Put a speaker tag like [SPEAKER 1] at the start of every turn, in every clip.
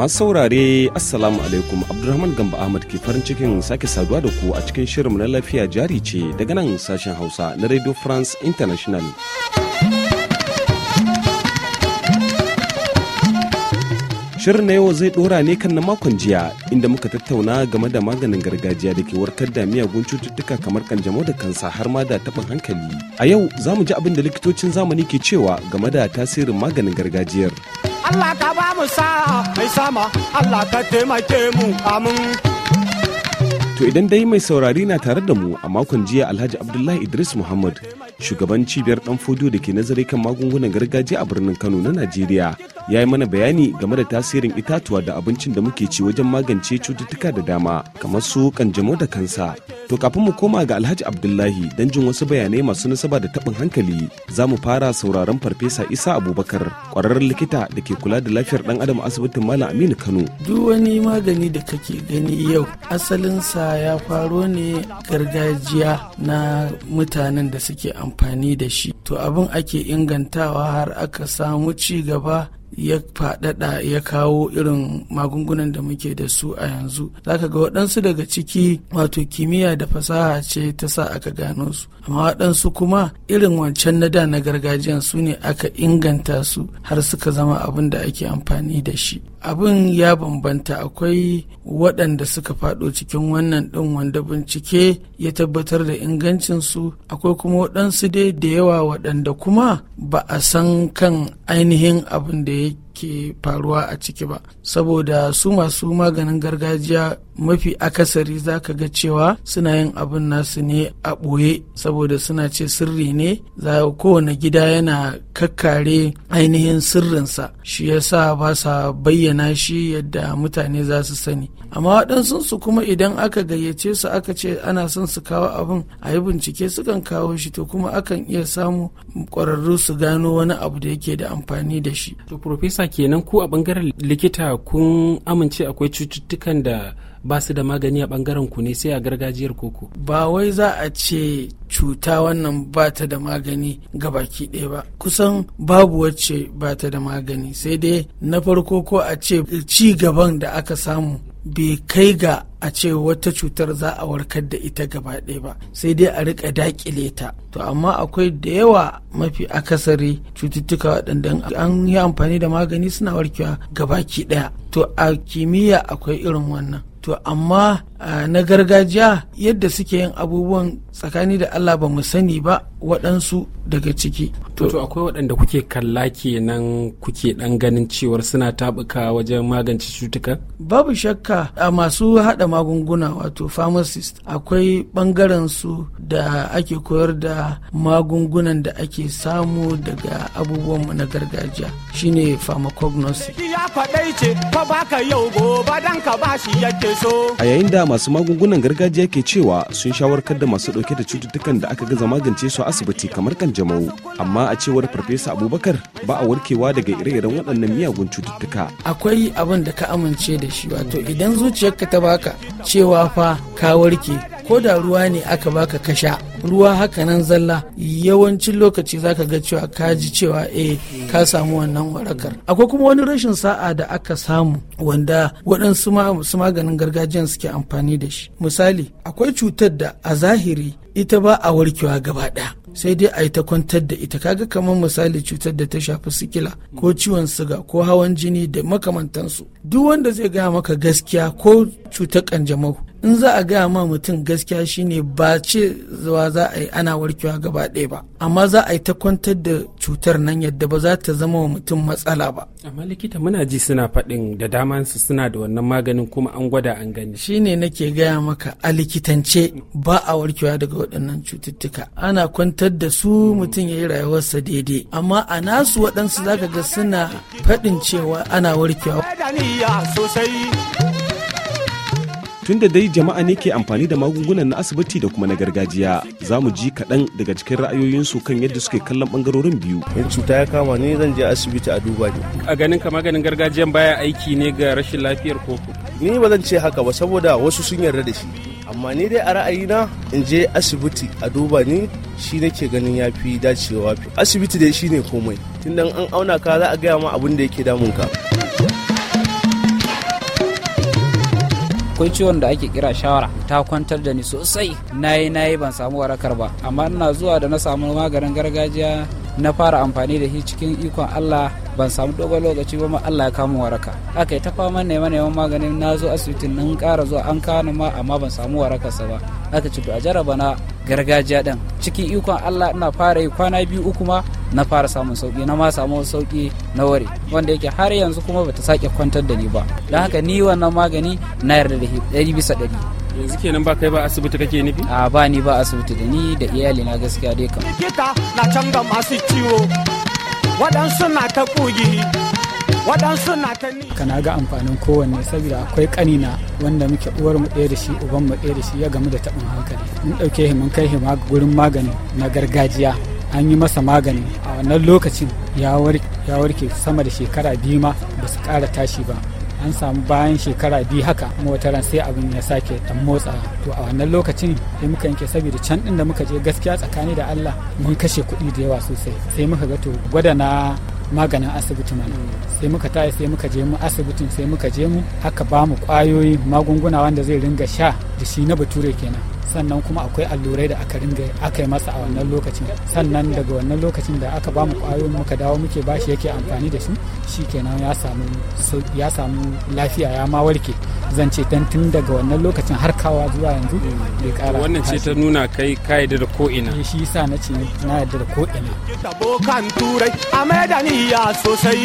[SPEAKER 1] masu saurare assalamu alaikum abdulrahman gamba ahmad ke farin cikin sake saduwa da ku a cikin shirin na lafiya jari ce daga nan sashen hausa na radio france international shirin na yau zai dora ne kan na makon jiya inda muka tattauna game da maganin gargajiya da ke warkar da miyagun cututtuka kamar kanjamau da kansa har ma da taɓin hankali a yau za mu ji abin da likitocin zamani ke cewa game da tasirin maganin gargajiyar.
[SPEAKER 2] Allah ka ba mu sa
[SPEAKER 1] mai sama Allah ka taimake mu amin To idan dai mai saurari na tare da mu a makon jiya Alhaji Abdullahi Idris Muhammad shugaban cibiyar dan fodo da ke nazari kan magungunan gargajiya a birnin Kano na Najeriya ya yi mana bayani game da tasirin itatuwa da abincin da muke ci wajen magance cututtuka da dama kamar su kanjamau da kansa To kafin mu koma ga Alhaji Abdullahi don jin wasu bayanai masu nasaba da taɓin hankali za mu fara sauraron Farfesa Isa Abubakar ƙwararren likita da ke kula da lafiyar ɗan adam asibitin Malam Aminu Kano.
[SPEAKER 3] Duk wani magani da kake gani yau asalinsa ya faro ne gargajiya na mutanen da suke amfani da shi. To abin ake ingantawa har aka samu ci gaba ya faɗaɗa ya kawo irin magungunan da muke da su a yanzu zaka ga waɗansu daga ciki wato kimiyya da fasaha ce ta sa aka gano su amma waɗansu kuma irin wancan na da na gargajiyan su ne aka inganta su har suka zama abin da ake amfani da shi abin ya bambanta akwai waɗanda suka faɗo cikin wannan ɗin wanda bincike ya tabbatar da ingancinsu akwai kuma waɗansu dai da yawa waɗanda kuma ba a san kan ainihin abin da ya ke faruwa a ciki ba saboda su masu maganin gargajiya mafi akasari za ka ga cewa suna yin abin nasu ne a ɓoye saboda suna ce sirri ne za kowane gida yana kakkare ainihin sirrinsa shi yasa ba sa bayyana shi yadda mutane za su sani amma waɗansu kuma idan aka gayyace su aka ce ana son su kawo abin a yi bincike sukan kawo shi to kuma akan iya samu ƙwararru
[SPEAKER 2] su gano wani abu da yake da amfani da shi. to profesa kenan ku a ɓangaren likita kun amince akwai cututtukan da ba su da magani a bangaren ku ne sai a gargajiyar koko. Ba wai za a ce cuta wannan ba ta da magani ga baki ɗaya
[SPEAKER 3] ba. Kusan babu wacce ba ta da magani sai dai na farko ko a ce ci gaban da aka samu bai kai ga a ce wata cutar za a warkar da ita gaba ɗaya ba sai dai a riƙa dakile ta to amma akwai da yawa mafi akasari cututtuka waɗanda an yi amfani da magani suna warkewa gabaki ɗaya to a kimiyya akwai irin wannan to amma na gargajiya yadda
[SPEAKER 2] suke yin abubuwan tsakani da allah ba mu sani ba waɗansu daga ciki to akwai waɗanda kuke kalla kenan kuke ɗan ganin cewar suna taɓuka wajen magance cutuka babu shakka a masu haɗa magunguna wato pharmacist akwai
[SPEAKER 3] ɓangaren su da ake koyar da magungunan da ake samu daga abubuwanmu na gargajiya shine pharmacognosy
[SPEAKER 2] ya
[SPEAKER 1] danka ba shi yake so. A yayin da masu magungunan gargajiya ke cewa sun shawarkar da masu ɗauke da cututtukan da aka gaza magance su a asibiti kamar kanjamau. Amma a cewar Farfesa Abubakar ba a warkewa daga ire-iren waɗannan miyagun cututtuka.
[SPEAKER 3] Akwai abin da ka amince da shi wato idan zuciyarka ta baka cewa fa ka warke ko da ruwa ne aka baka ka sha ruwa haka nan zalla yawancin lokaci zaka ga cewa ka ji cewa eh ka samu wannan warakar akwai kuma wani rashin sa'a da aka samu wanda waɗansu maganin gargajiyan suke amfani da shi misali akwai cutar da a zahiri ita ba a warkewa gaba ɗaya sai dai a yi ta kwantar da ita kaga kamar misali cutar da ta shafi sikila ko ciwon siga ko hawan jini da makamantansu duk wanda zai gaya maka gaskiya ko cutar kanjamau in za a gaya ma mutum gaskiya shine ba ce zuwa za a yi ana warkewa gaba ɗaya ba amma za a yi ta kwantar da cutar nan yadda ba za ta zama wa mutum matsala ba
[SPEAKER 2] amma likita muna ji suna faɗin da dama su suna da wannan maganin kuma an gwada an gani shine nake gaya maka a likitance
[SPEAKER 3] ba a warkewa daga waɗannan cututtuka ana kwantar da su mutum ya yi rayuwarsa daidai amma a nasu waɗansu zaka ga suna faɗin cewa ana warkewa tun da dai jama'a ne ke amfani da magungunan na
[SPEAKER 1] asibiti da kuma na gargajiya za mu ji kaɗan daga cikin ra'ayoyin su kan yadda suke kallon ɓangarorin biyu.
[SPEAKER 4] In cuta ya kama ni zan je asibiti a duba ni.
[SPEAKER 2] A ganin ka maganin gargajiyan baya aiki ne ga rashin lafiyar koko. Ni ba zan ce haka ba saboda wasu sun yarda da shi. Amma ni dai a ra'ayina
[SPEAKER 4] in je asibiti a duba ni shi nake ganin ya fi dacewa. Asibiti dai
[SPEAKER 2] shine komai. Tunda an auna ka za a gaya ma abin da yake damun ka. akwai ciwon da ake kira shawara ta kwantar da ni sosai Na yi ban samu warakar ba amma ina zuwa da na samu maganin gargajiya na fara amfani da shi cikin ikon Allah ban samu dogon lokaci ba ma Allah ya kama waraka aka yi ta fama neman neman maganin na zo asibitin nan kara zuwa an kano ma amma ban samu warakarsa ba aka ci a jaraba na gargajiya din cikin ikon Allah ina fara yi kwana biyu uku ma na fara samun sauki na ma samu sauki na ware wanda yake har yanzu kuma bata sake kwantar da ni ba don haka ni wannan magani na yarda da ɗari bisa ɗari yanzu kenan ba kai ba asibiti kake nufi a ba ni ba asibiti da ni da iyali na gaskiya dai kan likita na can ga masu ciwo
[SPEAKER 3] waɗansu na ta kugi waɗansu na ta ni kana ga amfanin kowanne saboda akwai ƙanina wanda muke uwar mu ɗaya da shi uban mu ɗaya da shi ya gamu da taɓin hankali mun ɗauke himin kai hima gurin magani na gargajiya an yi masa magani a wannan
[SPEAKER 2] lokacin ya warke sama da shekara biyu ma ba su ƙara tashi ba an samu bayan shekara biyu haka motaran sai abin ya sake dan motsa to a wannan lokacin sai muka yanke saboda can din da muka je gaskiya tsakani da Allah mun kashe kuɗi da yawa sosai sai muka ga to gwada na maganin asibiti mana sai muka tayi sai muka je mu asibitin sai muka je mu haka ba mu kwayoyi magunguna wanda zai ringa sha da shi na bature kenan sannan kuma akwai allurai da aka ringa aka yi masa a wannan lokacin sannan daga wannan lokacin da aka ba
[SPEAKER 3] mu kwayoyin muka dawo muke bashi yake amfani da su shikenan ya samu ya samu lafiya ya ma warke zan dan tun daga wannan lokacin har kawa zuwa yanzu bai kara wannan ce ta
[SPEAKER 2] nuna kai ka yadda da ko ina eh, shi yasa na ce na yadda da ko ina abokan turai a sosai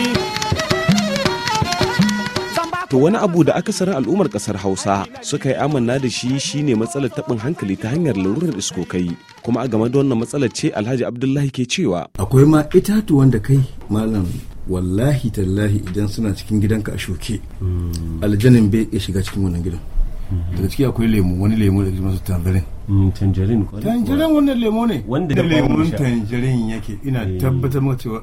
[SPEAKER 1] To wani abu da akasarin al'ummar kasar Hausa suka yi amanna da shi shine matsalar taɓin hankali ta hanyar larurar iskokai. Kuma a game da wannan matsalar ce Alhaji Abdullahi ke cewa.
[SPEAKER 4] Akwai ma itatuwan da kai malam wallahi tallahi idan suna cikin gidanka a shoke hmm. aljanin bai ya shiga cikin wannan gidan. Hmm. daga ciki akwai lemu wani lemu da masu tangerine hmm, tanjarin tangerine wannan lemu ne wanda lemun tanjarin yake ina eh. tabbatar maka cewa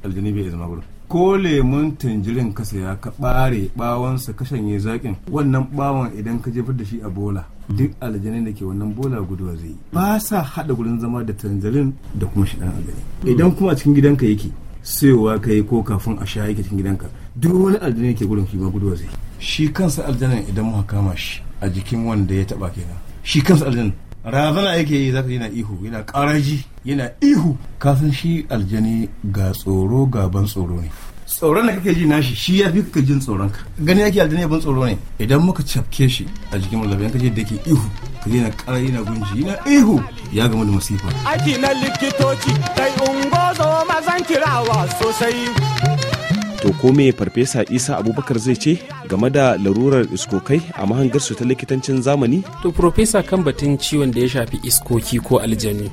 [SPEAKER 4] aljani bai zama gurin ko lemun tanjirin ka saya ka bare bawonsa ka shanye zakin wannan bawon idan ka jefar da shi a bola duk aljanin da ke wannan bola guduwa zai ba sa hada gurin zama da tanjirin da kuma shi dan aljani idan kuma a cikin gidanka yake sayowa ka yi ko kafin a sha yake cikin gidanka duk wani aljani ke gurin shi ma guduwa zai shi kansa aljanin idan muka kama shi a jikin wanda ya taba kenan shi kansa aljanin razana yake yi zaka yana ihu yana karaji yana ihu kafin shi aljani ga tsoro ga ban tsoro ne tsoron da kake ji nashi shi ya fi ka jin tsoron ka gani yake aljani ban tsoro ne idan muka cafke shi a jikin mallabi kaje da ke ihu ka yana karaji yana gunji na ihu ya gama da masifa
[SPEAKER 1] aiki na likitoci kai ungozo mazan kirawa sosai to ko farfesa isa abubakar zai ce
[SPEAKER 2] game da larurar iskokai a mahangarsu ta likitancin zamani to farfesa kan batun ciwon da ya shafi iskoki ko aljanu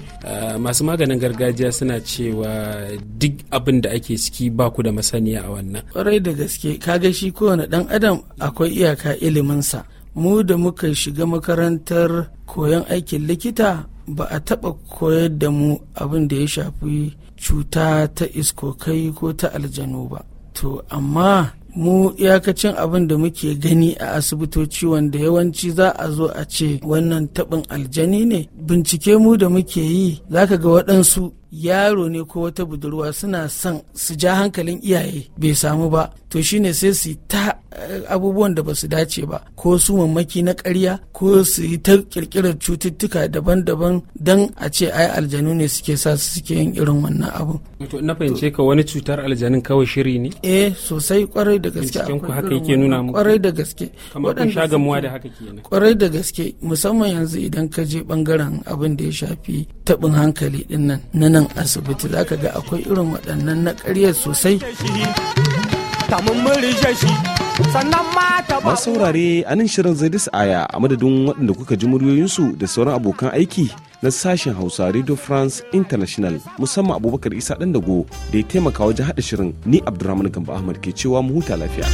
[SPEAKER 2] masu maganin gargajiya suna cewa duk abin da ake ciki ba ku da masaniya a wannan
[SPEAKER 3] kwarai da gaske kaga shi kowane ɗan adam akwai iyaka iliminsa mu da muka shiga makarantar koyon aikin likita ba a taɓa koyar da mu abin da ya shafi cuta ta iskokai ko ta aljanu ba to amma mu iyakacin abin da muke gani a asibitoci wanda yawanci za a zo a ce wannan tabin aljani ne bincike mu da muke yi zaka ga waɗansu yaro ne ko wata budurwa suna son su ja hankalin iyaye bai samu ba to shine sai su ta eh, abubuwan da ba su dace ba ko su mamaki na karya ko su yi ta kirkirar cututtuka daban-daban don a ce ai aljanu ne suke sa su suke yin irin wannan abu.
[SPEAKER 2] to na fahimce ka wani cutar aljanun kawai shiri ne? eh sosai kwarai da gaske ku haka yake nuna muku kwarai da gaske kamar kun sha gamuwa da haka kenan
[SPEAKER 3] kwarai da gaske musamman yanzu idan ka je bangaren abin da ya shafi taɓin hankali din nan nan asibiti za ga akwai irin waɗannan na ƙaryar sosai masu
[SPEAKER 1] saurare a nan shirin zai aya a madadin waɗanda kuka ji muryoyinsu da sauran abokan aiki na sashen hausa radio france international musamman abubakar isa ɗan dago da ya taimaka wajen haɗa shirin ni abdulrahman gamba ahmad ke cewa mu huta lafiya.